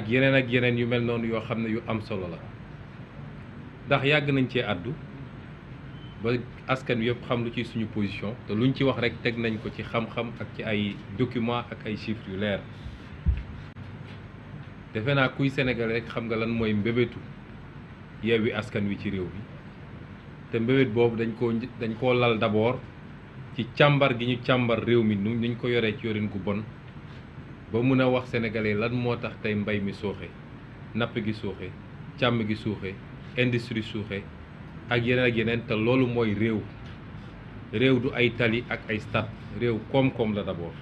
ak yeneen ak yeneen yu mel noonu yoo xam ne yu am solo la ndax yàgg nañ cee àddu ba askan wi yëpp xam lu ci suñu position te luñ ci wax rek teg nañ ko ci xam-xam ak ci ay document ak ay chiffres yu leer defe naa kuy Sénégal rek xam nga lan mooy mbébétu Yewwi Askan Wi ci réew mi te mbébét boobu dañ koo dañ koo lal d'abord ci càmbar gi ñu càmbar réew mi nu ñu ko yoree ci yorin gu bon ba mën a wax sénégalais lan moo tax tey mbay mi suuxe napp gi suuxe càmm gi suuxe industrie suuxe ak yeneen ak yeneen te loolu mooy réew réew du ay tali ak ay stade réew koom-koom la d'abord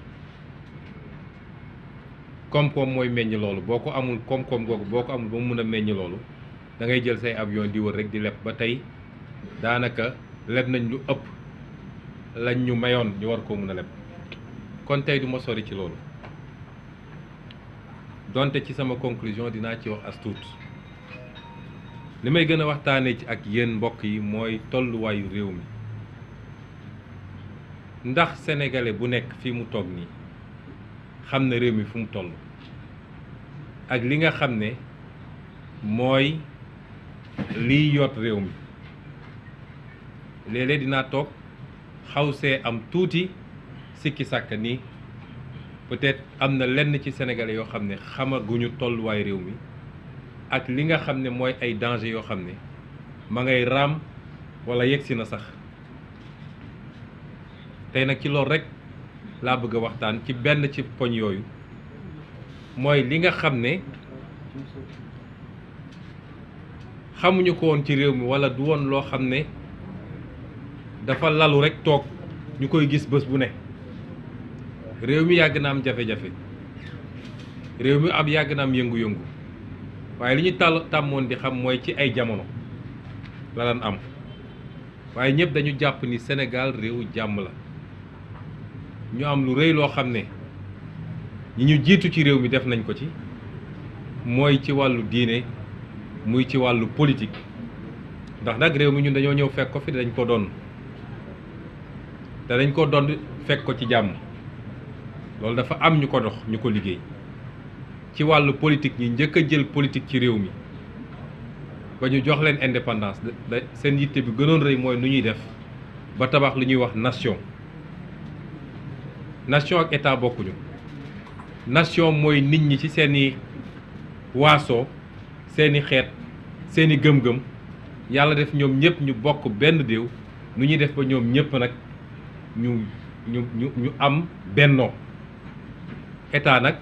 koom-koom mooy meññ loolu boo ko amul koom-koom googu boo ko amul ba mu mun a meññ loolu dangay jël say ab yoon di wër rek di leb ba tey daanaka leb nañ lu ëpp lañ ñu mayoon ñu war koo mun a leb kon tey du ma sori ci loolu donte ci sama conclusion dinaa ci wax as tuut li may gën a waxtaanee ci ak yenn mbokk yi mooy tolluwaayu réew mi ndax sénégalais bu nekk fi mu toog nii xam na réew mi fu mu toll ak li nga xam ne mooy liy yoot réew mi léeg-léeg dinaa toog xaw see am tuuti sikki sàkk ni peut-être am na lenn ci sénégalais yoo xam ne xamaguñu tolluwaay réew mi ak li nga xam ne mooy ay danger yoo xam ne ma ngay raam walla yegsi na sax tey nag ci loolu rekk laa bëgg a waxtaan ci benn ci poñ yooyu mooy li nga xam ne xamuñu ko woon ci réew mi walla du woon loo xam ne dafa lalu rekk toog ñu koy gis bés bu ne réew mi yàgg na am jafe-jafe réew mi ab yàgg na am yëngu-yëngu waaye li ñu tàll tàmmoon di xam mooy ci ay jamono la daan am waaye ñëpp dañu jàpp ni Sénégal réewu jàmm la ñu am lu rëy loo xam ne ñi ñu jiitu ci réew mi def nañ ko ci mooy ci wàllu diine muy ci wàllu politique ndax nag réew mi ñun dañoo ñëw fekk ko fi dañ ko doon danañ ko doon fekk ko ci jàmm loolu dafa am ñu ko dox ñu ko liggéey ci wàllu politique ñi njëkk a jël politique ci réew mi ba ñu jox leen indépendance da seen yitte bi gënoon rëy mooy nu ñuy def ba tabax li ñuy wax nation nation ak état bokkuñu nation mooy nit ñi ci seeni waaso seeni xeet seeni gëm-gëm yàlla def ñoom ñëpp ñu bokk benn déew nu ñuy def ba ñoom ñëpp nag ñu ñu ñu ñu am bennoo état nag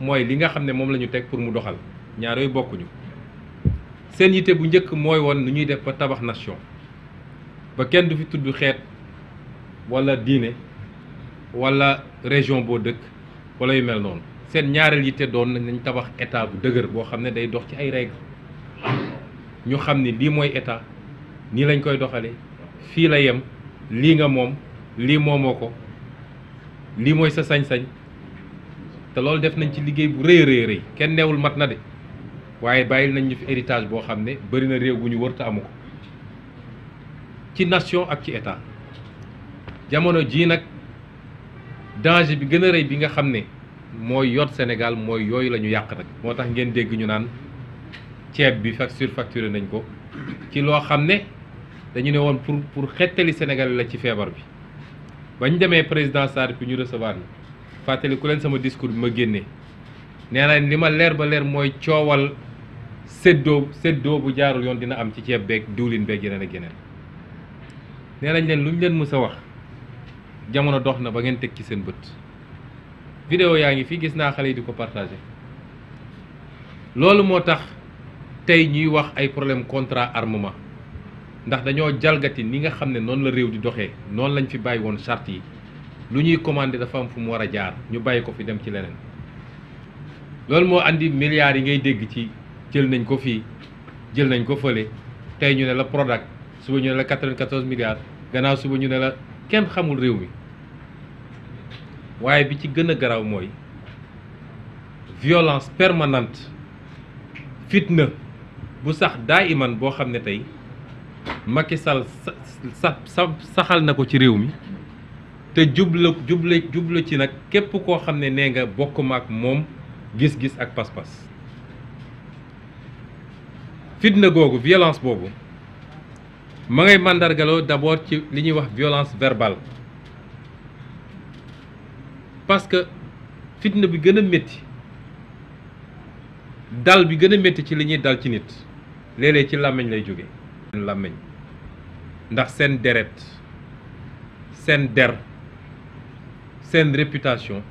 mooy li nga xam ne moom lañu teg pour mu doxal ñaar yooyu bokkuñu seen yitte bu njëkk mooy woon nu ñuy def ba tabax nation ba kenn du fi tudd xeet wala diine wala région boo dëkk wala yu mel noonu seen ñaareel yitte doon nañ tabax état bu dëgër boo xam ne day dox ci ay règles ñu xam ni lii mooy état nii lañ koy doxalee fii la yem lii nga moom lii moomoo ko lii mooy sa sañ-sañ te loolu def nañ ci liggéey bu rëy rëy rëy kenn neewul mat na de waaye bàyyil nañ fi héritage boo xam ne bari na réew bu ñu wërta amu ko ci nation ak ci état jamono jii nag danger bi gën a rëy bi nga xam ne mooy yoot Sénégal mooy yooyu lañu ñu yàq nag moo tax ngeen dégg ñu naan ceeb bi fa surfacturé nañ ko ci loo xam ne dañu ne woon pour pour xettali Sénégal la ci feebar bi bañ demee président Sarr bi ñu recevoir ni fàttali ku leen sama discours bi ma génnee nee na li ma leer ba leer mooy coowal séddoo séddoo bu jaarul yoon dina am ci ceeb beeg diwlin beeg yeneen a yeneen nee nañ leen lu ñu leen mës a wax jamono dox na ba ngeen teg ci seen bët. vidéo yaa ngi fii gis naa xale yi di ko partagé loolu moo tax tey ñuy wax ay problème contrat armement ndax dañoo jalgati ni nga xam ne noonu la réew di doxee noonu lañ fi bàyyi woon charte yi. lu ñuy commandé dafa am fu mu war a jaar ñu bàyyi ko fi dem ci leneen loolu moo indi milliards yi ngay dégg ci jël nañ ko fii jël nañ ko fële tey ñu ne la Prodac suba ñu ne la 94 milliards gannaaw suba ñu ne la kenn xamul réew mi waaye bi ci gën a garaaw mooy violence permanente fitna bu sax daa iman boo xam ne tey Macky Sall sa saxal na ko ci réew mi te juble juble jubla ci nag képp koo xam ne nee nga bokk ma ak moom gis-gis ak pas-pas fitna googu violence boobu ma ngay màndargaloo d'abord ci li ñuy wax violence verbale parce que fitna bi gën a métti dal bi gën a métti ci li ñuy dal ci nit léeg ci làmmiñ lay jóge làmmiñ ndax seen deret seen der seen réputation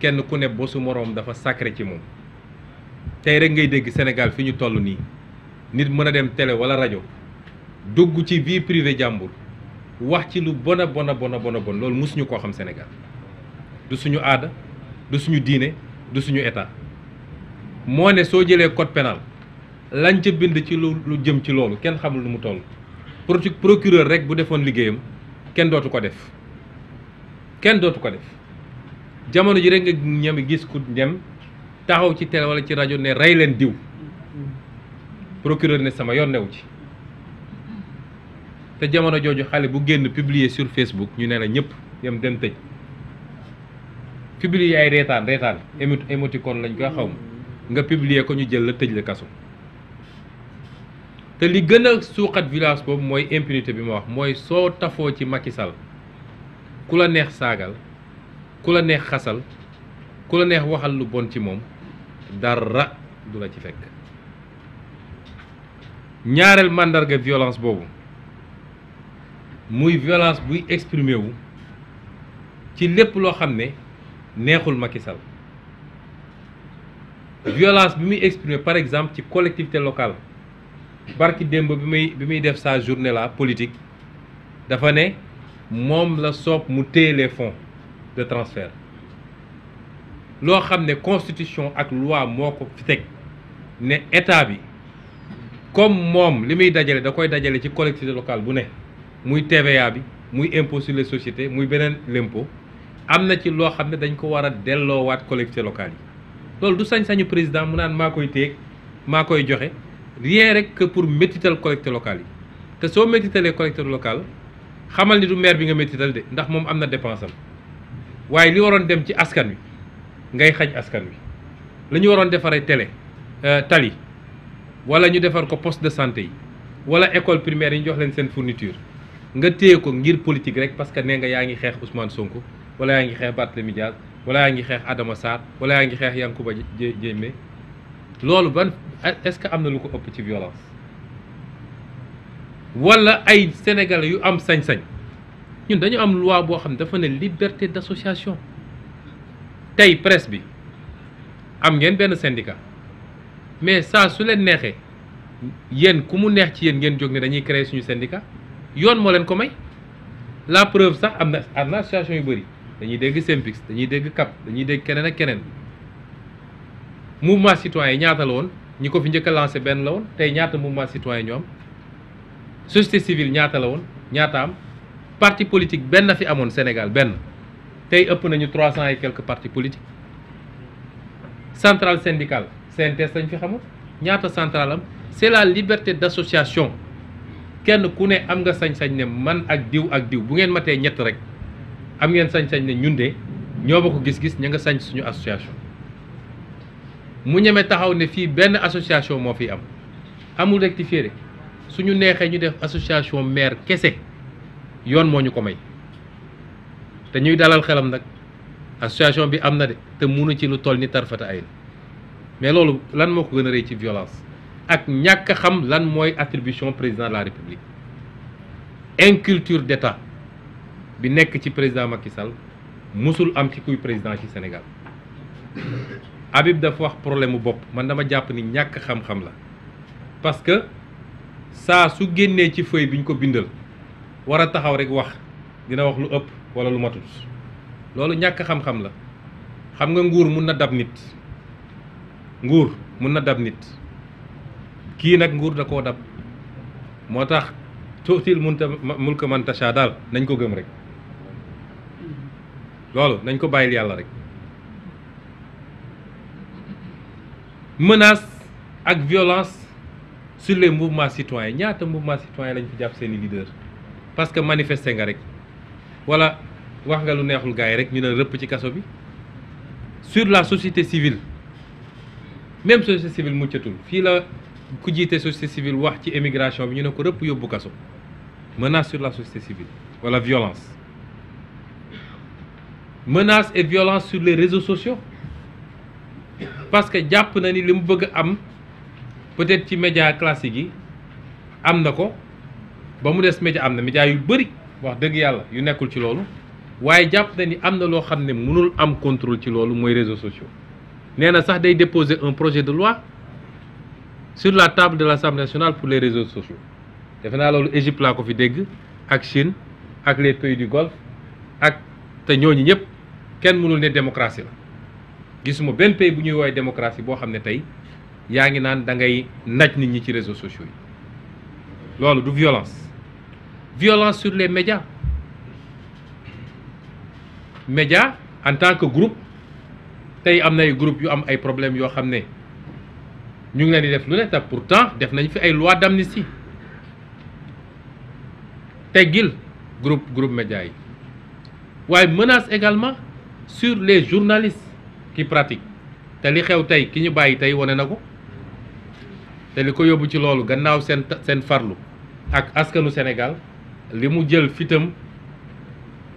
kenn ku ne bosu moroom dafa sacré ci moom tey rek ngay dégg Sénégal fi ñu toll nii nit mën a dem tele wala rajo dugg ci vie privée jàmbur wax ci lu bon a bon a bon a bon bon loolu mosuñu koo xam Sénégal du suñu aada du suñu diine du suñu état moo ne soo jëlee code pénal lañ ca bind ci lu lu jëm ci loolu kenn xamul nu mu toll procureur rek bu defoon liggéeyam kenn dootu ko def kenn dootu ko def jamono ji rek nga ñeme gis ku dem taxaw ci télé ci rajo ne rey leen diw procureur ne sama yoon newu ci te jamono jooju xale bu génn piblier sur Facebook ñu ne la ñëpp dem dem tëj publier ay reetaan reetaan émo émoticône lañ koy xaw ma nga piblier ko ñu jël la tëj la kaso. te li gën a suuxat village boobu mooy impunité bi ma wax mooy soo tafoo ci Macky Sall ku la neex saagal. ku la neex xasal ku la neex waxal lu bon ci moom dara du la ci fekk ñaareel màndarga violence boobu muy violence buy exprimer wu ci lépp loo xam ne neexul Macky Sall violence bi muy exprimer par exemple ci collectivité locale barki démb bi muy muy def sa journée la politique dafa ne moom la soob mu téye les fonds de transfert loo xam ne constitution ak loi moo ko fi teg ne état bi comme moom li muy dajale da koy dajale ci collectivité locale bu ne muy TVA bi muy impôt sur les muy beneen l'impôt am na ci loo xam ne dañ ko war a delloowaat collectivité locale yi loolu du sañ-sañu président mu naan maa koy téeg maa koy joxe rien rek que pour métital collectivité locale yi te soo métitalee collectivité locale xamal ni du maire bi nga métital de ndax moom am na dépense waaye li waroon dem ci askan wi ngay xaj askan wi la waroon defaree télé euh, tali wala ñu defar ko poste de santé yi wala école primaire yi ñu jox leen seen fourniture nga téye ko ngir politique rek parce que nee nga yaa ngi xeex Ousmane Sonko wala yaa ngi xeex Barthélémy Dias wala yaa ngi xeex Adama Sarr wala yaa ngi xeex Yankuba Diémé loolu ban est-ce que am na lu ko ëpp ci violence wala ay sénégalais yu am sañ-sañ. ñun dañu am loi boo xam dafa ne liberté d'association tey presse bi am ngeen benn syndicat mais saa su leen neexee yéen ku mu neex ci yéen ngeen jóg ni dañuy créer suñu syndicat yoon moo leen ko may la preuve sax am na am na association yu bëri dañuy dégg Sempix dañuy dégg CAP dañuy dégg keneen ak keneen mouvement citoyen yi ñaata la woon ñi ko fi njëkk a lancé benn la woon tey ñaata mouvement citoyen ñoo am société civile ñaata la woon ñaata am. parti politique benn fi amoon Sénégal benn tey ëpp nañu trois cent et quelques partis politiques centrale syndicale CNTS lañ fi xamul ñaata central am c'est la liberté d'association kenn ku ne am nga sañ-sañ ne man ak diw ak diw bu ngeen matee ñett rek am ngeen sañ-sañ ne ñun de ñoo ma ko gis-gis ña nga sañ suñu association mu ñeme taxaw ne fii benn association moo fi am amul rectifié suñu neexee ñu def association maire kese yoon moo ñu ko may te ñuy dalal xelam nag association bi am na de te munu ci lu toll ni tarfata ayn mais loolu lan moo ko gën a rëy ci violence ak ñàkk xam lan mooy attribution président la république inculture d'état bi nekk ci président Macky Sall musul am ci kuy président ci Sénégal Habib dafa wax problème mu bopp man dama jàpp ni ñàkk xam-xam la parce que saa su génnee ci feuille bi ñu ko bindal war a taxaw rek wax dina wax lu ëpp walla lu matut loolu ñàkk xam-xam la xam nga nguur mun na dab nit nguur mun na dab nit kii nag nguur da koo dab moo tax tuutil munta mulka man tasha daal nañ ko gëm rek loolu nañ ko bàyyil yàlla rek menace ak violence sur les mouvements citoyens ñaata mouvement citoyen lañ fi jàpp seeni leader parce que manifester nga rek wala wax nga lu neexul gars yi rek ñu ne rëpp ci kaso bi sur la société civile même société civile muccatul fii la ku jiite société civile wax ci émigration bi ñu ne ko rëpp yóbbu kaso menace sur la société civile wala violence menace et violence sur les réseaux sociaux parce que jàpp na ni li mu bëgg am peut-être ci média classique yi am na ko ba mu des média am na média yu bëri wax dëgg yàlla yu nekkul ci loolu waaye jàpp na ni am na loo xam ne mënul am contrôle ci loolu mooy réseau sociaux nee na sax day déposer un projet de loi sur la table de l'Assemblée nationale pour les réseaux sociaux defe naa loolu Égypte laa ko fi dégg ak Chine ak les pays du Golfe ak te ñooñu ñëpp kenn mënul ne démocratie la gisuma benn pays bu ñuy woowee démocratie boo xam ne tey yaa ngi naan da ngay naj nit ñi ci réseaux sociaux violence sur les médias médias en tant que groupe tey am na ay groupe yu am ay problèmes yoo xam ne ñu ngi leen def lu ne te pourtant def nañ fi ay loi d'amnistie teggil group group médias yi waaye menace également sur les journalistes qui pratique te li xew tey ki ñu bàyyi tey wane na ko te li ko yóbbu ci loolu gannaaw seen seen farlu ak askanu Sénégal li mu jël fitam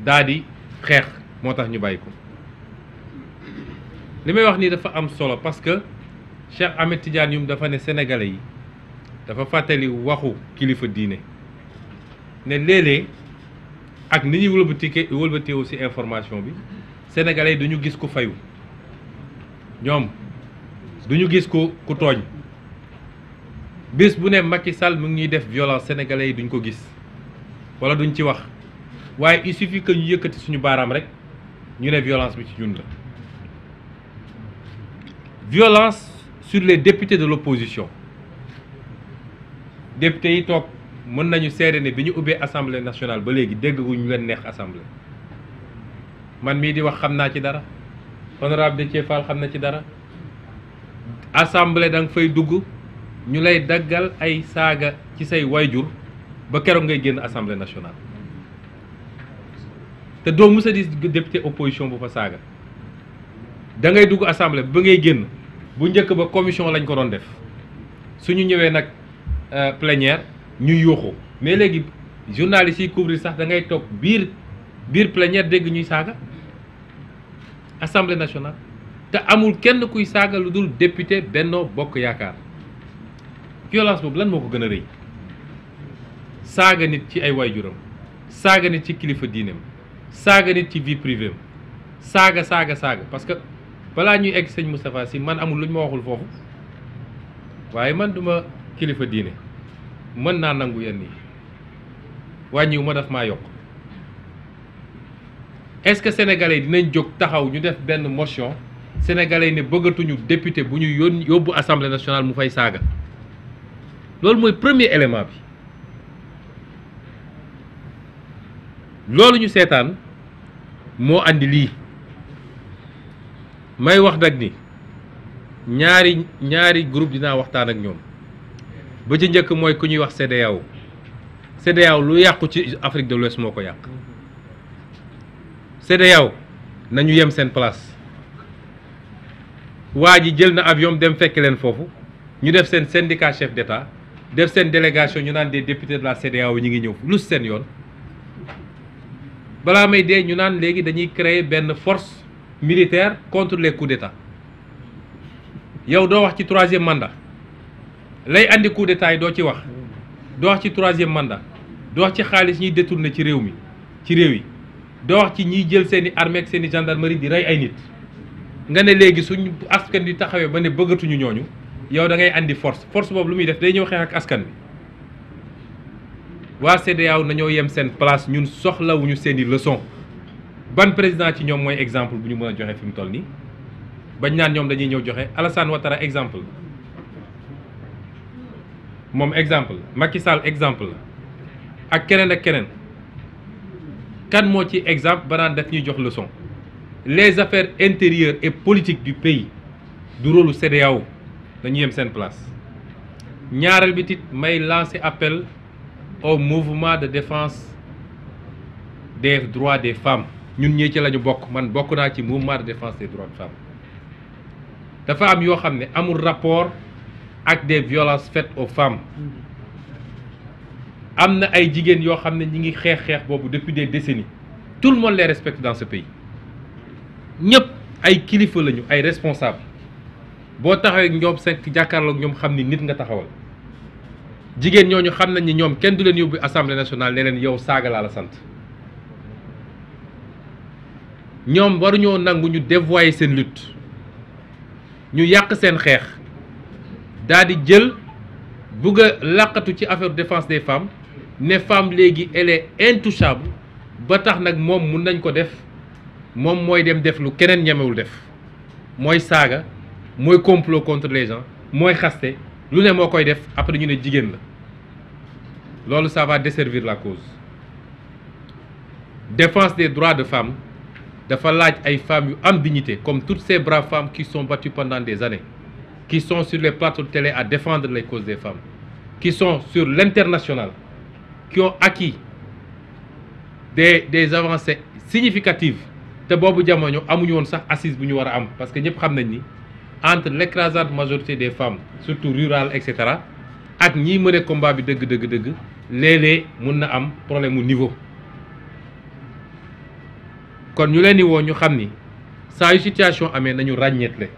daadi xeex moo tax ñu bàyyi ko li may wax nii dafa am solo parce que Cheikh Ahmed Tidiane Youm dafa ne sénégalais yi dafa fàttali waxu kilifa diine ne léeg-léeg ak ni ñuy wëlbatike wëlbateewu ci information bi sénégalais yi duñu gis ku fayu ñoom duñu gis ku ku tooñ bis bu ne Macky Sall mu ngi ñuy def violence sénégalais yi duñ ko gis wala duñ ci wax waaye il suffit ñu yëkkati suñu baaraam rek ñu ne violence bi ci ñun la violence sur les députés de l'opposition députés yi toog mën nañu seede ne bi ñu ubbee assemblée nationale ba léegi dégguñu leen neex assemblée man mii di wax xam naa ci dara honorable Déthié Fall xam na ci dara assemblée da nga fay dugg ñu lay daggal ay saaga ci say wayjur ba keroog ngay génn assemblée nationale te doo mës a di député opposition bu fa saaga da ngay dugg assemblée ba ngay génn bu njëkk ba commission lañ ko doon def suñu ñëwee nag euh, plénière ñu yuuxu mais léegi journalistes yi couvrir sax da ngay toog biir biir plénière dégg ñuy saaga assemblée nationale te amul kenn kuy saaga lu dul député bennoo Bokk Yaakaar violence boobu lan moo ko gën a rëy. saaga nit ci ay waay waajuram saaga nit ci kilifa diineem saaga nit ci vie privée saaga saaga saaga parce que balaa ñuy egg sëñ Moustapha si man amul lu ñu ma waxul foofu waaye man duma kilifa diine mën naa nangu yenn yi wàññiw ma daf maa yokk est-ce que sénégalais dinañ jóg taxaw ñu def benn motion sénégalais ne bëggatuñu député bu ñu yónni yóbbu assemblée nationale mu fay saaga loolu mooy premier élément bi loolu ñu seetaan moo indi lii may wax nag ni ñaari ñaari groupe dinaa waxtaan ak ñoom ba ci njëkk mooy ku ñuy wax CEDEAO CEDEAO lu yàqu ci Afrique de l'Ouest moo ko yàq CEDEAO nañu yem seen place waa ji jël na avion dem fekke leen foofu ñu def seen syndicat chef d'État def seen délégation ñu naan des députés de la CEDEAO ñu ngi ñëw lu seen yoon balaa may dee ñu naan léegi dañuy créer benn force militaire contre les coups d'état yow doo wax ci troisième mandat lay àndi coup d'état yi doo ci wax doo wax ci troisième mandat doo wax ci xaalis ñuy détourné ci réew mi ci réew yi doo wax ci ñiy jël seeni armée ak seeni gendarmerie di rey ay nit nga ne léegi suñu askan di taxawee ba ne bëggatuñu ñooñu yow da ngay andi force force boobu lu muy def day ñëw xeex ak askan bi waa CEDEAO nañoo yem seen place ñun soxlawuñu seen i leçon ban président ci ñoom mooy exemple bu ñu mën a joxe fi mu toll nii bañ naan ñoom dañuy ñëw joxe Alassane Ouattara exemple moom exemple Macky Sall exemple ak keneen ak keneen kan moo ci exemple banaan def ñuy jox leçon les affaires intérieures et politiques du pays du rôle CEDEAO dañu yem seen place ñaareel bi tit may lancer appel au mouvement de défense des droits des femmes ñun ñii ci la bokk man bokk naa ci mouvement de défense des droits des femmes dafa am yoo xam ne amul rapport ak des violences faites au femmes am na ay jigéen yoo xam ne ñi ngi xeex xeex boobu depuis des décennies tout le monde les respecte dans ce pays ñëpp ay kilifa lañu ay responsables boo taxawee ak ñoom seen jàkkaarloo ñoom xam ni nit nga taxawal. jigéen ñooñu xam nañ ni ñoom kenn du leen yóbbu assemblée nationale ne leen yow saaga laa la sant ñoom waruñoo nangu ñu dévoyer seen lutte ñu yàq seen xeex daa di jël bugg a làqatu ci affaire défense des femmes ne femme léegi elle est ba tax nag moom mun nañ ko def moom mooy dem def lu keneen ñemewul def mooy saaga mooy complot contre les gens mooy xaste lu ne moo koy def après ñu ne jigéen la loolu ça va desservir la cause défense des droits de femmes dafa laaj ay femmes yu am dignité comme toutes ces braves femmes qui son battues pendant des années qui sont sur les plateaux de télé à défendre les causes des femmes qui son sur l'international qui ont acquis des des avancées significatives te boobu jamono amuñu woon sax assise bu ñu war a am parce que ñëpp xam nañ ni entre l'écrasante majorité des femmes surtout rurales et cetera ak ñiy mëne combat bi dëgg dëgg dëgg léeg-léeg mun na am problème mu niveau kon ñu leen di woo ñu xam ni saa yu amee nañu ràññeetle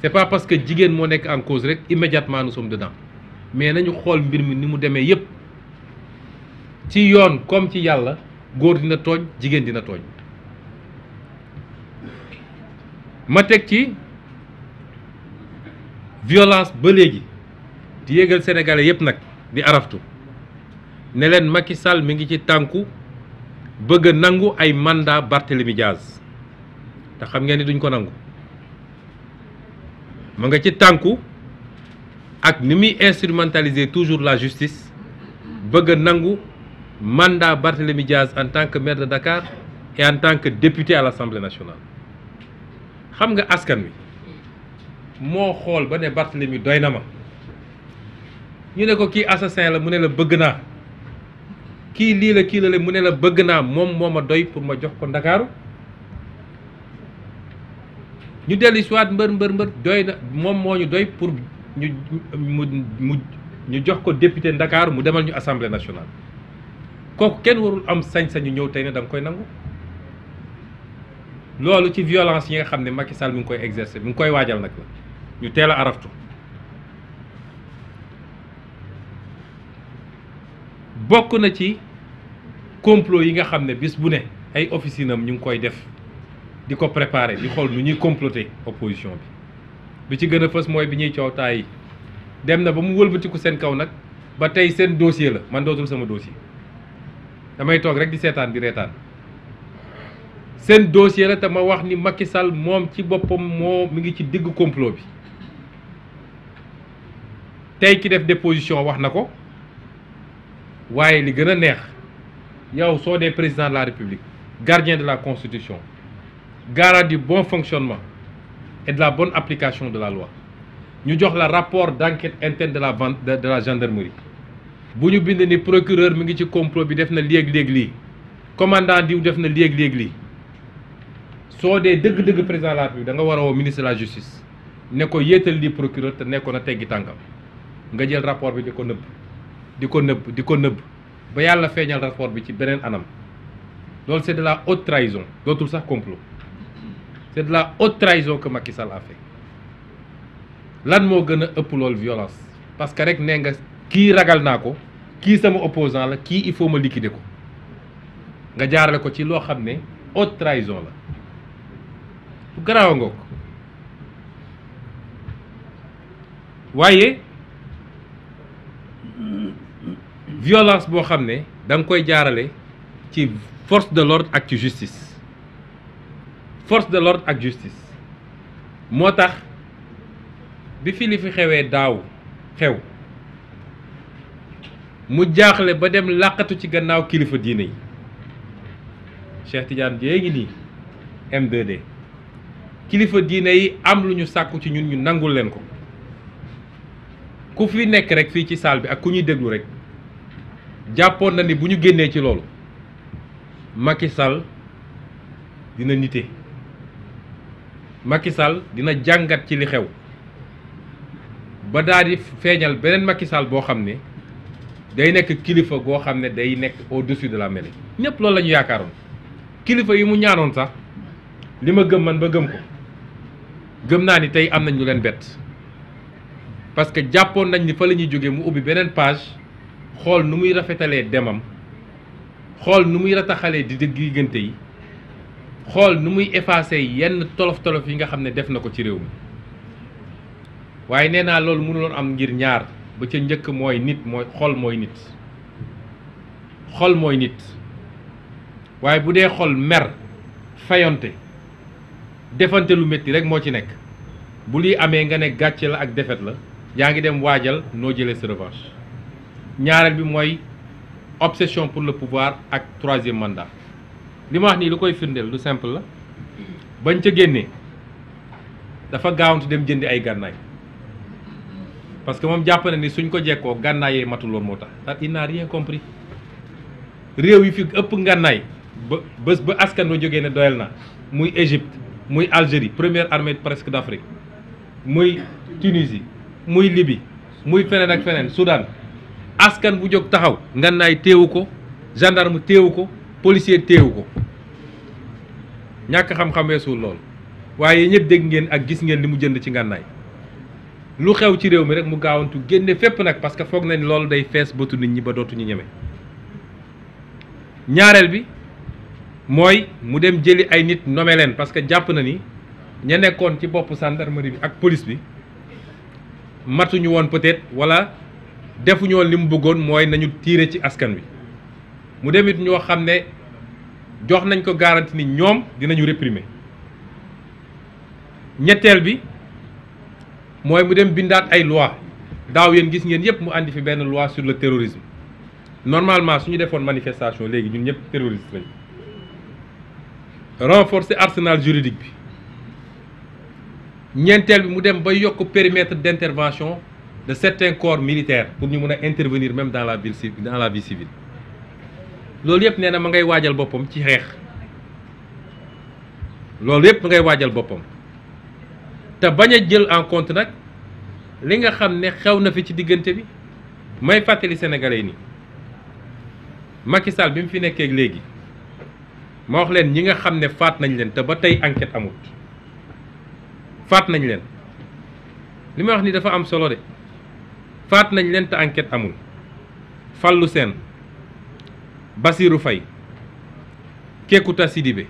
c'est pas parce que jigéen moo nekk en cause rek immédiatement some de dedans mais nañu xool mbir mi ni mu demee yépp ci yoon comme ci yàlla góor dina tooñ jigéen dina tooñ ma teg ci violence ba léegi di yégal sénégalais yëpp nag di araftu ne leen Macky Sall mi ngi ci tànku bëgg nangu ay mandat Barthélemy Diaz te xam ngeen ni duñ ko nangu ma nga ci tànku ak ni muy instrumentaliser toujours la justice bëgg nangu mandat Barthélemy Diaz en tant que maire de Dakar et en tant que député à l'Assemblée nationale xam nga askan wi moo xool ba ne Barthélemy doy na ma ñu ne ko kii assasin la mu ne la bëgg naa kii lii la kii la le mu ne la bëgg naa moom moo ma doy pour ma jox ko Ndakaaru ñu dellu si mbër mbër mbër doy na moom moo ñu doy pour ñu mu mu ñu jox ko député Ndakaaru mu demal ñu assemblée nationale kooku kenn warul am sañ-sañu ñëw tey ne da koy nangu loolu ci violence yi nga xam ne Macky Sall mi ngi koy exercer mu ngi koy waajal nag la ñu teel a araftu bokk na ci complot yi nga xam ne bis bu ne ay officine am ñu ngi koy def di ko préparer di xool nu ñuy comploter opposition bi bi ci gën a fës mooy bi ñuy coowtaay yi dem na ba mu wëlbatiku seen kaw nag ba tey seen dossier la man dootul sama dossier damay toog rek di seetaan di reetaan seen dossier la te ma wax ni Macky sal moom ci boppam moo mu ngi ci diggu complot bi tey ki def déposition wax na ko waaye li gën a neex yow soo dee président la république gardien de la constitution garant du bon fonctionnement et la bonne application de la loi ñu jox la rapport d'enquête interne de la vente de la gendarmerie bu ñu bind ni procureur mi ngi ci complot bi def na léeg-léeg lii commandant diw def na léeg-léeg lii soo dee dëgg-dëgg président de la république da nga war woo ministre de la justice ne ko yéetal lii procureur te nekkoon a teggi tànkam nga jël rapport bi di ko nëbb di ko nëbb di ko nëbb ba yàlla feeñal rapport bi ci beneen anam loolu c'est de la haute trahison dootul sax complot c'est de la haute trahison que Macky Sall a lan moo gën a ëpp loolu violence parce que rek nee nga kii ragal naa ko kii sama opposant la kii il faut ma liquider ko nga jaarale ko ci loo xam ne haute trahison la bu garaaw a waaye violence boo xam ne da nga koy jaarale ci force de l'ordre ak justice force de l'ordre ak moo tax bi fi li fi xewee daaw xew mu jaaxle ba dem làqatu ci gannaaw kilifa diine yi Cheikh Tidiane Dièye ngi nii m 2 kilifa diine yi am lu ñu sàkku ci ñun ñu nangu leen ko ku fi nekk rek fii ci salle bi ak ku ñuy déglu rek jàppoon na ni bu ñu génnee ci loolu Macky Sall dina nite Macky Sall dina jàngat ci li xew ba daal di feeñal beneen Macky Sall boo xam ne day nekk kilifa goo xam ne day nekk au-dessus de la mêlée ñëpp loolu la ñu yaakaaroon kilifa yi mu ñaanoon sax li ma gëm man ba gëm ko gëm naa ni tey am nañ ñu leen bett parce que jàppoon nañ ni fa la ñuy jóge mu ubbi beneen page xool nu muy rafetalee demam xool nu muy rataxalee di diggante yi xool nu muy effacer yenn tolof-tolof yi nga xam ne def na ko ci réew mi waaye nee naa loolu mënuloon am ngir ñaar ba ca njëkk mooy nit mooy xol mooy nit xol mooy nit waaye bu dee xol mer fayonte defante lu métti rek moo ci nekk bu luy amee nga ne gàcce la ak defet la yaa ngi dem waajal noo jëlee sa ñaareel bi mooy obsession pour le pouvoir ak troisième mandat li ma wax nii lu koy firndeel lu simple la bañ ca génnee dafa gaawantu dem jëndi ay gànnaay parce que moom jàpp na ni suñ ko jekkoo gànnaayee matuloon moo tax ndax inaar n'a rien compris réew yi fi ëpp gànnaay ba bés ba askan wa jóge ne doyal na muy Égypte muy Algérie première armée presque d'Afrique muy Tunisie muy libi muy feneen ak feneen Soudan askan bu jóg taxaw ngannaay téewu ko gendarme téewu ko policier téewu ko ñàkk xam-xam weesuwul lool waaye ñëpp dégg ngeen ak gis ngeen li mu jënd ci ngannaay lu xew ci réew mi rek mu gaawantu génne fépp nag parce que foog nañ loolu day fees bëtu nit ñi ba dootuñu ñeme ñaareel bi mooy mu dem jëli ay nit nome leen parce que jàpp na ni ña nekkoon ci bopp gendarmerie bi ak police bi matuñu woon peut-être wala defuñu li mu bëggoon mooy nañu tiire ci askan wi mu dem it ñoo xam ne jox nañ ko garanti ni ñoom dinañu réprimer ñetteel bi mooy mu dem bindaat ay loi daaw yéen gis ngeen yëpp mu andi fi benn loi sur le terrorisme normalement su ñu defoon manifestation léegi ñun ñëpp terroriste lañu renforcer arsenal juridique bi ñeenteel bi mu dem ba yokk périmètre d'intervention de certains corps militaires pour ñu mën a intervenir même dans la ville dans la vie loolu yëpp nee na ma ngay waajal boppam ci xeex loolu yëpp ma ngay waajal boppam te bañ a jël en compte nag li nga xam ne xew na fi ci diggante bi may fàttali sénégalais yi nii Macky bi mu fi nekkee léegi ma wax leen ñi nga xam ne faat nañ leen te ba tey enquête amut faat nañ leen li ma wax ni dafa am solo de. faat nañ leen te amul Fallou Sène Bassirou Faye Kékouta Sidibé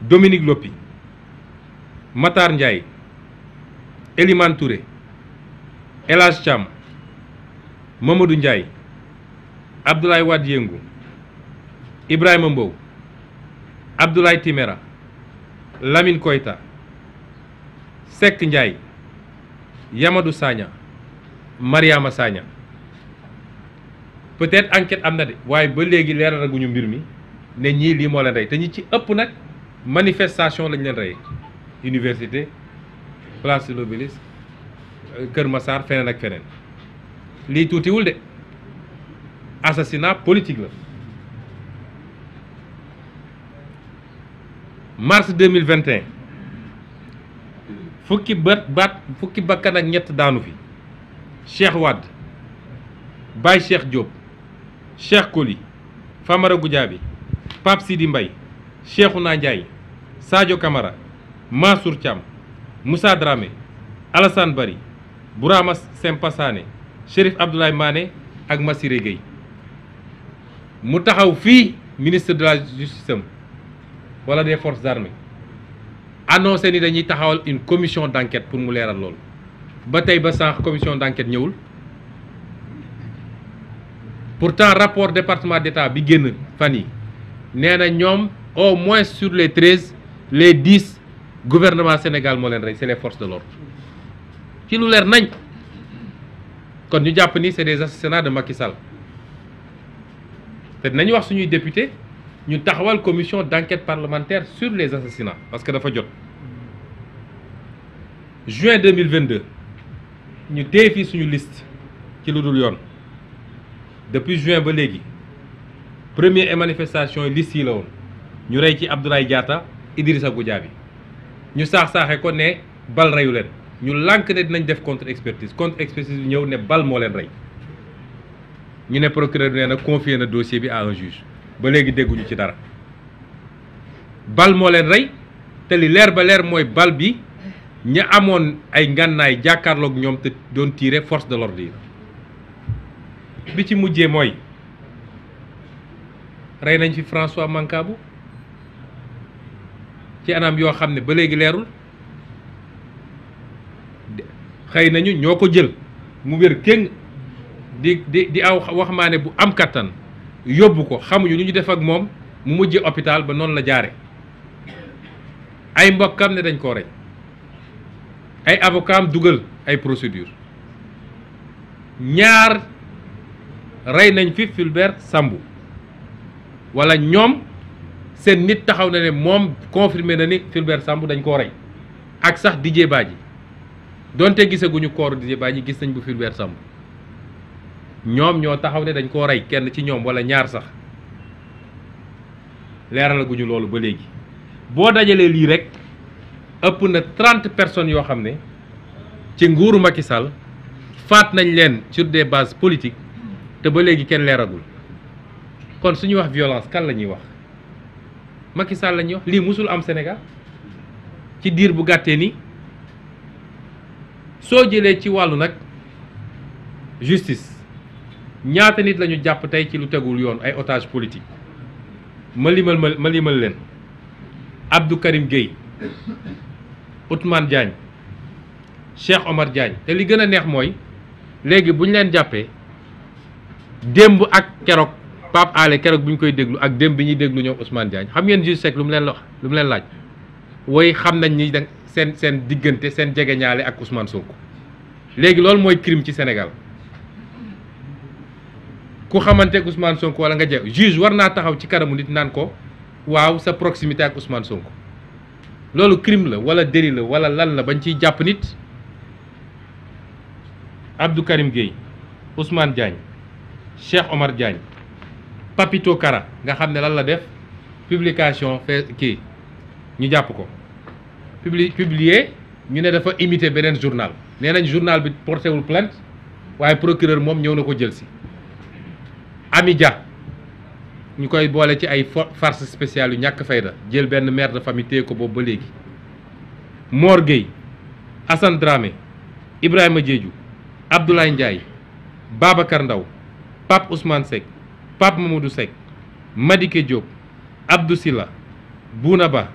Dominique Lopi Matar Ndiaye Elimane Touré El Hadj Thiam Mamadou Ndiaye Abdoulaye Wade Yengu Ibrahima Mbow Abdoulaye Timéra Lamine njaay Seck Ndiaye Mariama Sagna peut-être enquête am na de waaye ba léegi leeralaguñu mbir mi ne ñii lii moo leen rey te ñi ci ëpp nag manifestation lañ leen rey université place de l'Obélisque euh, Kër Massar feneen ak feneen lii tuutiwul de assassinat politique la mars 2021 fukki bat baat fukki bakkan ak ñett daanu fi Cheikh Wade Baye Cheikh Diop Cheikh Koli Famara Goudiaby di mbay Mbaye Cheikhouna Ndiaye Sadio Camara Mansour Thiam Moussa Dramé Alassane Bari Bourama Sempassane Chérif Abdoulaye Mané ak Massiré Gueye mu taxaw fii ministre de la justice am wala des forces armées annoncé ni dañuy taxawal une commission d'enquête pour mu leeral lool ba tey ba sànq commission d'enquête ñëwul pourtant rapport département d'État bi génn fan yi nee na ñoom au moins sur les treize les dix gouvernement Sénégal moo leen rey c'est les forces de l'ordre ci lu leer nañ kon ñu jàpp ni c'est des assassinats de Macky Sall te nañu wax suñuy député ñu taxawal commission d'enquête parlementaire sur les assassinats parce que dafa jot juin 2022 ñu téye suñu list ci lu dul yoon depuis juin ba léegi premier et manifestation yi liste yi la ñu rey ci Abdoulaye Diatta Idrissa Goudiaby ñu saax-saaxe ko ne bal reyu leen ñu lànk ne dinañ def contre expertise contre expertise bi ñëw ne bal moo leen rey ñu ne procureur bi nee na na dossier bi à un juge ba léegi dégguñu ci dara bal moo leen rey te li leer ba leer mooy bal bi ña amoon ay ngànnaay jàkkaarlook ñoom te doon tiire force de l'ordre yi bi ci mujjee mooy rey nañ fi François Mancabou ci anam yoo xam ne ba léegi leerul xëy nañu ñoo ko jël mu wér kéng di di di aw waxambaane bu am kattan yóbbu ko xamuñu lu ñu def ak moom mu mujjee hôpital ba noonu la jaare ay mbokkam ne dañ koo rey ay avocat dugal ay procédure ñaar rey nañ fi Fulbert Sambou wala ñoom seen nit taxaw na ne moom confirmé na ni Fulbert Sambou dañ koo rey ak sax Didier Badji donte gisaguñu kooru Didier Badji gis nañ bu Fulbert Sambou ñoom ñoo taxaw ne dañ koo rey kenn ci ñoom wala ñaar sax leeralaguñu loolu ba léegi boo dajalee lii rek ëpp na trent personnes yoo xam ne ci nguuru Macky Sall faat nañ leen sur des bases politique te ba léegi kenn leeragul kon su wax violence kan la ñuy wax Macky Sall la wax lii musul am senegal ci diir bu gàttee ni soo jëlee ci wàllu nag justice ñaata nit la ñu jàpp tey ci lu tegul yoon ay otage politique ma limal ma limal leen Abdou Karim Gueye Outmane Diagne Cheikh Omar Diagne te li gën a neex mooy léegi bu ñu leen jàppee démb ak keroog Pape Alé keroog bu ñu koy déglu ak démb bi ñuy déglu ñoom usmaan Diagne xam ngeen juge sec lu mu leen wax lu mu leen laaj woy xam nañ ni da seen seen diggante seen jegeñaale ak Ousmane Sonko léegi loolu mooy crime ci senegal ku xamante ak Ousmane Sonko wala nga jeg juge war naa taxaw ci kanamu nit naan ko waaw sa proximité ak Ousmane Sonko loolu crime la wala délit la wala lan la bañ ciy jàpp nit Abdou Karim Gueye Ousmane Diagne Cheikh Omar Diagne Papito Kara nga xam ne lan la def publication fait kii ñu jàpp ko publi publier ñu ne dafa imiter beneen journal nee nañ journal bi porté wul waaye procureur moom ñëw na ko jël si Amidia ñu koy boole ci ay farce spéciale yu ñàkk fayda jël benn mère de famille téye ko boobu ba léegi moor Gueye Assane Dramé Ibrahima Diédhiou Abdoulaye Ndiaye Babacar Ndaw Pape Ousmane Seck Pape Mamadou Seck Madické Diop Abdou Silla Bouna Ba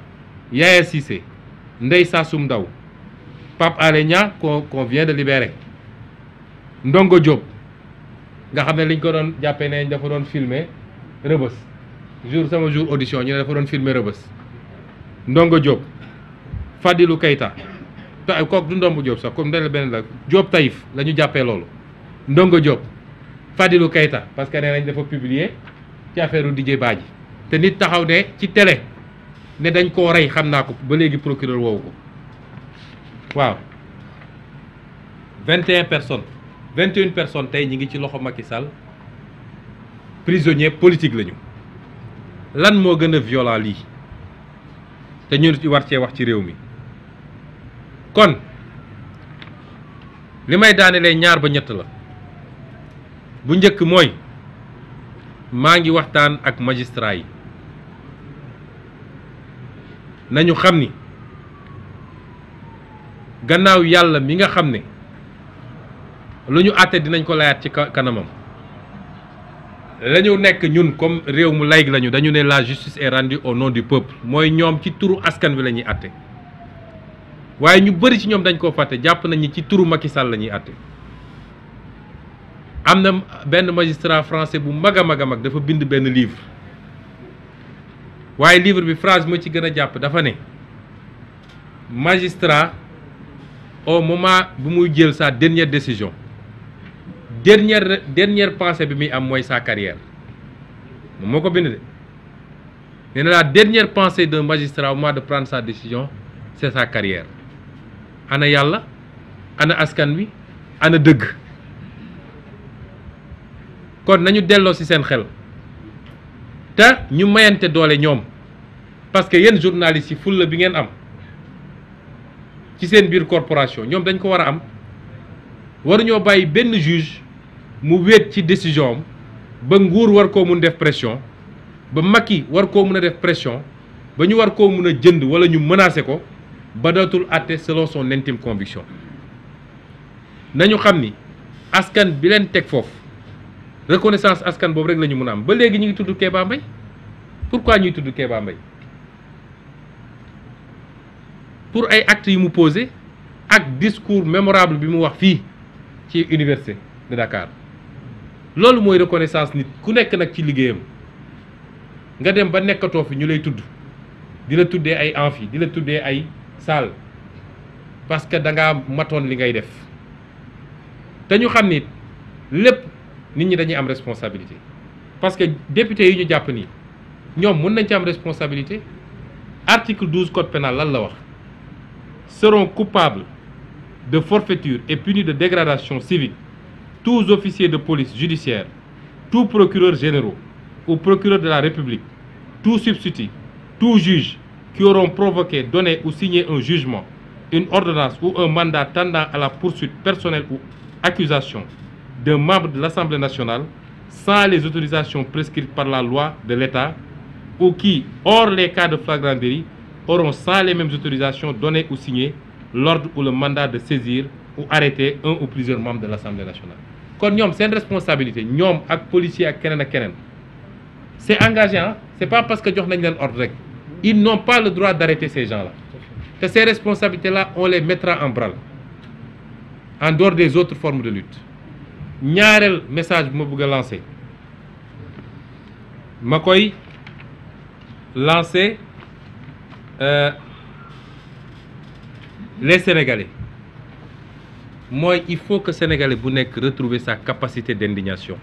Yaya Cissé Ndeye Sassoum Ndaw Pape Alé Niang qu'on vient de libérer Ndongo Diop nga xam ne liñ ko doon jàppee ne dafa doon filmer rëbës jour sama jour audition ñu ne dafa doon filmer rëbës ndongo Diop Fadilou Keita te kook du ndomb Diop sax comme dañ la benn la ñu jàppee loolu ndongo Diop Fadilou Keita parce que nee nañ dafa publier ci affaire u DJ te nit taxaw de ci télé ne dañ ko rey xam naa ko ba léegi procureur woowu ko waaw 21 personnes 21 personnes tey ñi ngi ci loxo Macky Sall prisonniers politiques lañu lan moo gën a violent lii te ñu war cee wax ci réew mi kon li may daanelee ñaar ba ñett la bu njëkk mooy maa ngi waxtaan ak magistrat yi nañu xam ni gannaaw yàlla mi nga xam ne lu ñu àtte dinañ ko layaat ci kanamam la ñu nekk ñun comme réew mu laïc lañu dañu ne la justice est rendue au nom du peuple mooy ñoom ci turu askan wi la ñuy àtte waaye ñu bëri ci ñoom dañ koo fàtte jàpp nañu ci turu Macky Sall la ñuy àtte am na benn magistrat français bu mag a mag a mag dafa bind benn livre waaye livre bi phrase moo ci gën a jàpp dafa ne magistrat au moment bu mu jël sa dernière décision dernière dernière pensée bi muy am mooy sa carrière moo ko bind de nee na la dernière pensée d'un magistrat au de prendre sa décision c'est sa carrière ana yàlla ana askan wi ana dëgg kon nañu delloo ci seen xel te ñu mayante doole ñoom parce que yéen journalistes yi fulla bi ngeen am ci seen biir corporation ñoom dañ ko war a am waruñoo bàyyi benn juge mu wéet ci décision am ba nguur war koo mun def pression ba mag Macky war koo mun a def pression ba ñu war koo mun a jënd wala ñu menacer ko ba dootul àtte selon son intime conviction nañu xam ni askan bi leen teg foofu reconnaissance askan boobu rek la ñu mun a am ba léegi ñu ngi tudd Kéba pour pourquoi ñuy tudd Kéba Mbaye pour ay actes yi mu posé ak discours mémorable bi mu wax fii ci université de Dakar loolu mooy reconnaissance nit ku nekk nag ci liggéeyam nga dem ba nekkatoo fi ñu lay tudd di la tuddee ay amphi di la tuddee ay salle parce que da ngaa matoon li ngay def te xam ni lépp nit ñi dañuy am responsabilité parce que député yi ñu jàpp nii ñoom mën nañ ci am responsabilité article 12 code pénal lan la wax seron coupable de forfaiture et punis de dégradation civique tous officiers de police judiciaire tous procureurs généraux ou procureurs de la République tout substitut tout juge qui auront provoqué donné ou signé un jugement une ordonnance ou un mandat tendant à la poursuite personnelle ou accusation d'un membre de l'Assemblée nationale sans les autorisations prescrites par la loi de l'État ou qui hors les cas de flagrant délit auront sans les mêmes autorisations donné ou signé l'ordre ou le mandat de saisir ou arrêter un ou plusieurs membres de l'Assemblée nationale kon ñoom seen responsabilité ñoom ak policier ak keneen ak keneen c'est engagement ah c'est pas parce que jox nañ leen ordre rek ils n'ont pas le droit d'arrêter ces gens-là te ces responsabilités là on les mettra en branle en dehors des autres formes de lutte ñaareel message bu ma bëgg a lancer ma koy lancer euh, les Sénégalais mooy il faut que sénégalais bu nekk retrouver sa capacité d'indignation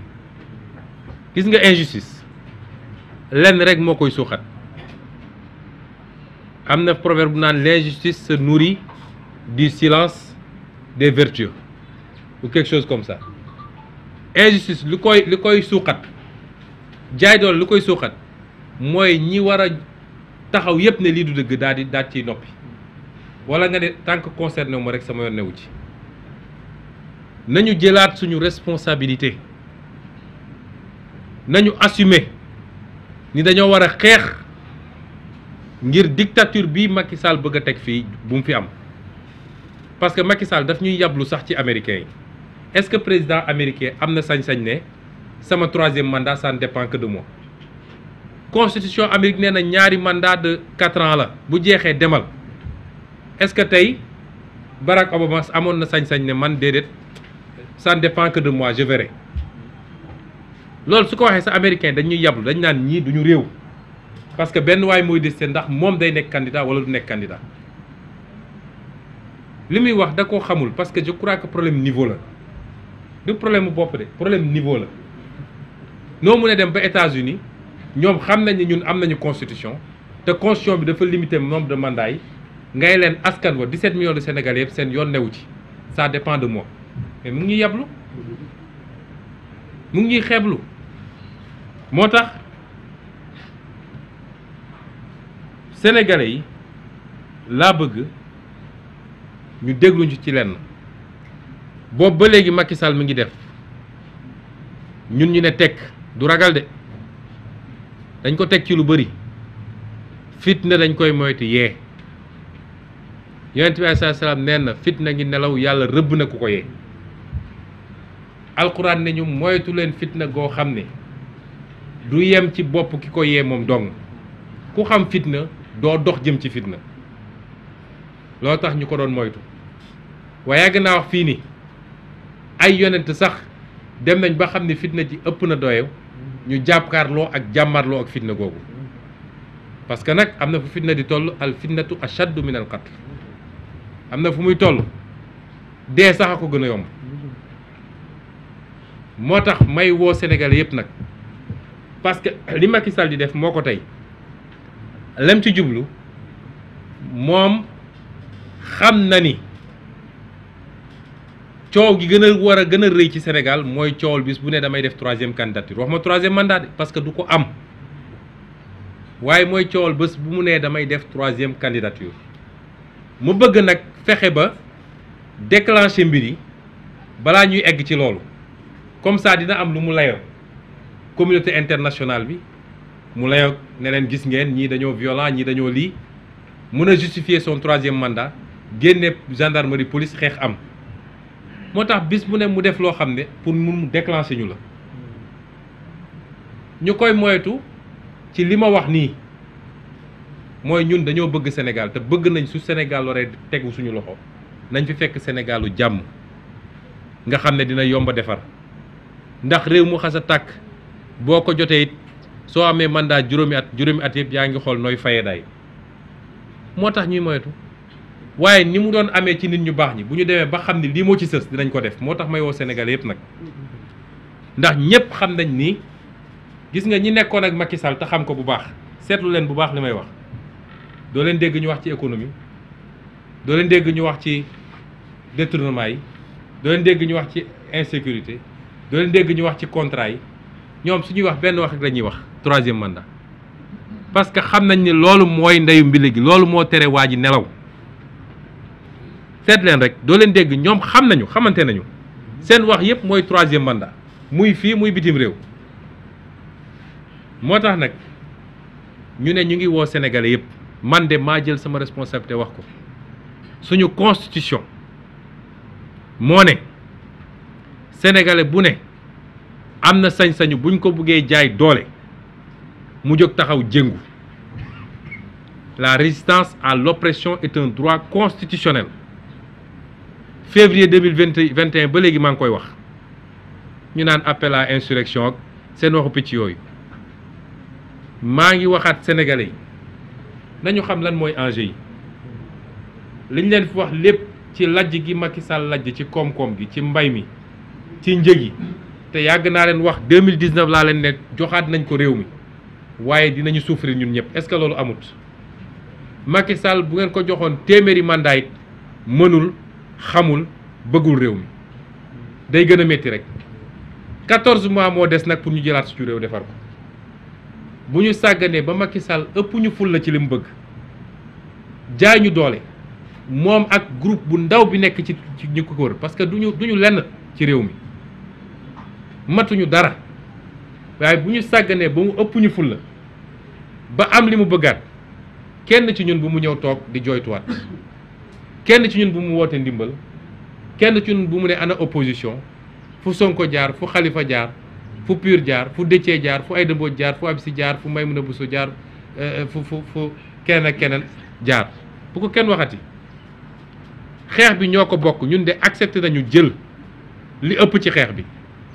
gis nga injustice lenn rek moo koy suuxat am na proverbe bu naan l'injustice se nourrit du silence des vertueux ou quelque chose comme ça injustice lu koy lu koy suuxat jaay doole lu koy suuxat mooy ñi war a taxaw yépp ne lii du dëgg daal di daal ci noppi wala nga ne tant conserne concerné rek sama yoon newu ci nañu jëlaat suñu responsabilité nañu assumer ni dañoo war a xeex ngir dictature bi Macky Sall bëgg a teg fii bu mu fi am parce que Macky Sall daf ñuy yablu sax ci américains yi est-ce que président américain am na sañ-sañ ne sama troisième mandat ça ne dépend que de moi constitution amérique nee na ñaari mandat de quatre ans la bu jeexee demal est-ce que tey Barack Obama amoon na sañ-sañ ne man déedéet ça ne dépend de moi je loolu su ko waxee sa américain dañuy yablu dañu naan ñii duñu réew parce que benn waay mooy décidé ndax moom day nekk candidat wala du nekk candidat li muy wax da koo xamul parce que je crois que problème niveau la du problème mu bopp de problème niveau la noo mën a dem ba États-Unis ñoom xam nañ ne ñun am nañu constitution te constitution bi dafa limiter moom de mandaay yi ngay leen askan wa 17 millions de sénégalais yëpp seen yoon newu ci ça dépend de moi. mu ngi ñuy yablu mu ngi ñuy xeeblu moo tax sénégalais yi laa bëgg ñu dégluñu ci lenn boobu ba léegi Macky Sall mi ngi def ñun ñu ne tekk du ragal de dañ ko teg ci lu bëri fitna dañ koy moytu yee yonent bi alayhi salaam nee na fitna ngi nelaw yàlla rëbb na ku ko yee alquran nañu moytu leen fitna goo xam ne du yem ci bopp ki ko yee moom don ku xam fitna doo dox jëm ci fitna loo tax ñu ko doon moytu waaye yàgg naa wax fii ni ay yonent sax dem nañ ba xam ne fitna ji ëpp na doyew ñu jàppaarloo ak jàmmarloo ak fitna googu parce que nag am na fu fitna di toll al fitnatu ashaddu min am na fu muy toll dee sax a ko gën a yomb moo tax may woo sénégalais yëpp nag parce que li Macky sal di def moo ko tey lem ci jublu moom xam na ni coow gi gën a war a gën a rëy ci Sénégal mooy coowal bis bu ne damay def troisième candidature wax ma troisième mandat parce que du ko am waaye mooy coowal bés bu mu nee damay def troisième candidature mu bëgg nag fexe ba déclencher mbir yi balaa ñuy egg ci loolu comme ça dina am lu mu layoo communauté internationale bi mu layoo ne gis ngeen ñii dañoo violent ñii dañoo lii mun a justifier son troisième mandat génne gendarmerie police xeex am moo tax bis mu ne mu def loo xam ne pour mu déclencher ñu la ñu koy moyetu ci li ma wax nii mooy ñun dañoo bëgg Sénégal te bëgg nañ su Sénégal waree tegu suñu loxo nañ fi fekk Sénégalu jàmm nga xam ne dina yomb defar ndax réew mu xas a tàkk boo ko jotee it soo amee mandat juróomi at juróomi at yëpp yaa ngi xool nooy faye day moo tax ñuy moytu waaye ni mu doon amee ci nit ñu baax ñi bu ñu demee ba xam ni lii moo ci sës dinañ ko def moo tax may woo Sénégal yëpp nag ndax ñëpp xam nañ ni gis nga ñi nekkoon ak Macky Sall te xam ko bu baax seetlu leen bu baax li may wax doo leen dégg ñu wax ci économie doo leen dégg ñu wax ci détournement yi doo leen dégg ñu wax ci insécurité doo leen dégg ñu wax ci contrat yi ñoom suñuy wax benn wax rek la wax troisième mandat parce que xam nañ ne loolu mooy ndeyu mbili gi loolu moo tere waa ji nelaw seet leen rek doo leen dégg ñoom xam nañu xamante nañu seen wax yépp mooy troisième mandat muy fii muy bitim réew moo tax nag ñu ne ñu ngi woo sénégalais yépp man de maa jël sama responsabilité wax ko suñu constitution moo ne sénégalais bu ne am na sañ-sañu buñ ko buggee jaay doole mu jóg taxaw jëngu la résistance à l'oppression est un droit constitutionnel février 2021 ba léegi maa ngi koy wax ñu naan appel à insurrection ak seen waxu picc yooyu maa ngi waxaat sénégalais yi nañu xam lan mooy enjeu yi liñ leen fi wax lépp ci lajj gi Macky Sall lajj ci koom-koom gi ci mbay mi ci njëg yi te yàgg naa leen wax 2019 laa leen nekk joxaat nañ ko réew mi waaye dinañu souffrir ñun ñëpp est-ce que loolu amut Macky Sall bu ngeen ko joxoon téeméeri mandat mënul xamul bëggul réew mi day gën a métti rek 14 mois moo des nag pour ñu jëlaat suñu réew defar ko bu ñu sàgganee ba Macky Sall ëpp ñu ful la ci li mu bëgg jaay ñu doole moom ak groupe bu ndaw bi nekk ci ci ñu ko wër parce que ñu duñu lenn ci réew mi matuñu dara waaye bu ñu sàgganee ba mu ëpp ñu fulla ba am li mu bëggaat kenn ci ñun bu mu ñëw toog di jooytuwaat kenn ci ñun bu mu wootee ndimbal kenn ci ñun bu mu ne ana opposition fu Sonko jaar fu xalifa jaar fu Pur jaar fu Déthié jaar fu Aïda jaar fu Absi jaar fu Maïmouna Bousso jaar euh, euh, fu fu fu keneen ak keneen jaar bu ko kenn waxati xeex bi ñoo ko bokk ñun de accepté nañu jël li ëpp ci xeex bi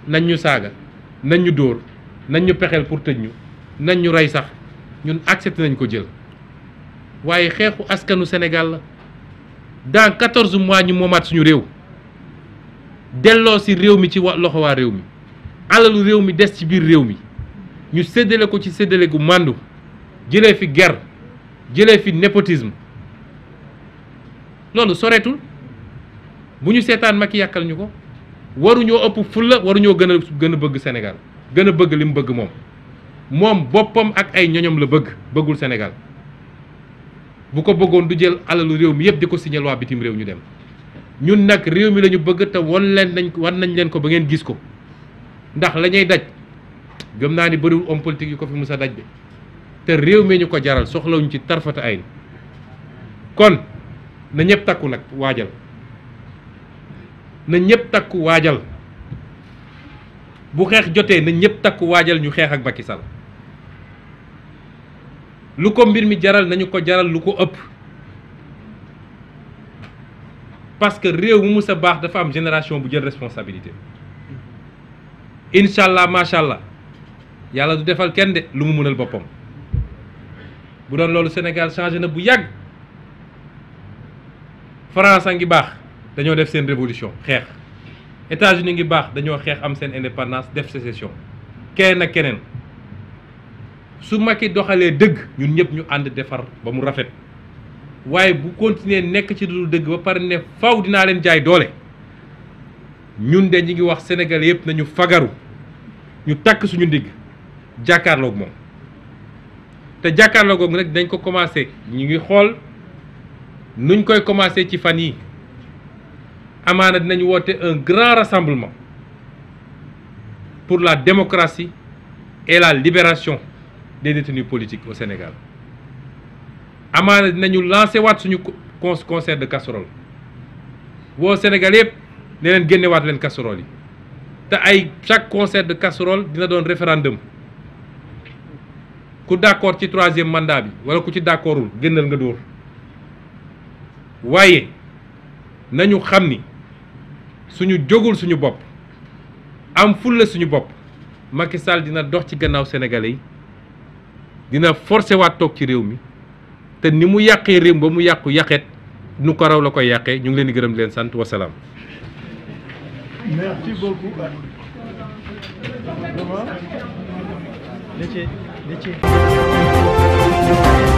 nañ ñu saaga nañ ñu dóor nañ ñu pexeel pour tëj ñu nañ ñu rey sax ñun accepté nañ ko jël waaye xeexu askanu senegal la dans quatorze mois ñu moomaat suñu réew delloo si réew mi ci wa waa réew mi alalu réew mi des ci biir réew mi ñu séddale ko ci séddale gu màndu jëlee fi ger jëlee fi népotisme loolu soreetul bu ñu seetaan mag yàkkal ñu ko waruñoo ëpp fulla waruñoo gën a gën a bëgg senegal gën a bëgg li bëgg moom moom boppam ak ay ñoñam la bëgg bëggul senegal bu ko bëggoon du jël alalu réew mi yëpp di ko signal waa bitim réew ñu dem ñun nag réew mi lañu ñu bëgg te wan leen nañ wan nañ leen ko ba ngeen gis ko ndax lañuy daj gëm naa ni bëriwul homme politique yu ko fi musa daj bi te réew mi ñu ko jaral soxla wuñu ci tarfata ay kon na ñëpp takku nag waajal na ñëpp takku waajal bu xeex jotee na ñëpp takku waajal ñu xeex ak Macky Sall lu ko mbir mi jaral nañu ko jaral lu ko ëpp parce que réew mu musa baax dafa am génération bu jël responsabilité incha allah macha allah yàlla du defal kenn de lu mu mënal boppam bu doon loolu Sénégal changé na bu yàgg France a ngi baax. dañoo def seen révolution xeex États-Unis ngi baax dañoo xeex am seen indépendance def sécession keneen ak keneen su Macky doxalee dëgg ñun ñëpp ñu ànd defar ba mu rafet waaye bu continuer nekk ci dul dëgg ba pare ne faw dinaa leen jaay doole ñun de ñi ngi wax Sénégal yëpp nañu fagaru ñu takk suñu ndigg jàkkaarloog moom te jàkkaarloog moom nag dañ ko commencé ñu ngi xool nuñ koy commencé ci fan yi amaana dinañ woote un grand rassemblement pour la démocratie et la libération des détenus politiques au Sénégal amaana dinañu lancé waat suñu concert de casserole woo Sénégal yëpp ne leen génnewaat leen casserole yi te ay chaque concert de casserole dina doon référendum ku d'accord ci troisième mandat bi wala ku ci d'accordul génnal nga dóor waaye nañu xam ni suñu jógul suñu bopp am fulla suñu bopp Macky Sall dina dox ci gannaaw sénégalais yi dina forcé waat toog ci réew mi te ni mu yàqee réew ba mu yàqu yàqeet nu ko raw la koy yàqee ñu ngi leen di gërëm leen sant wasalaam. merci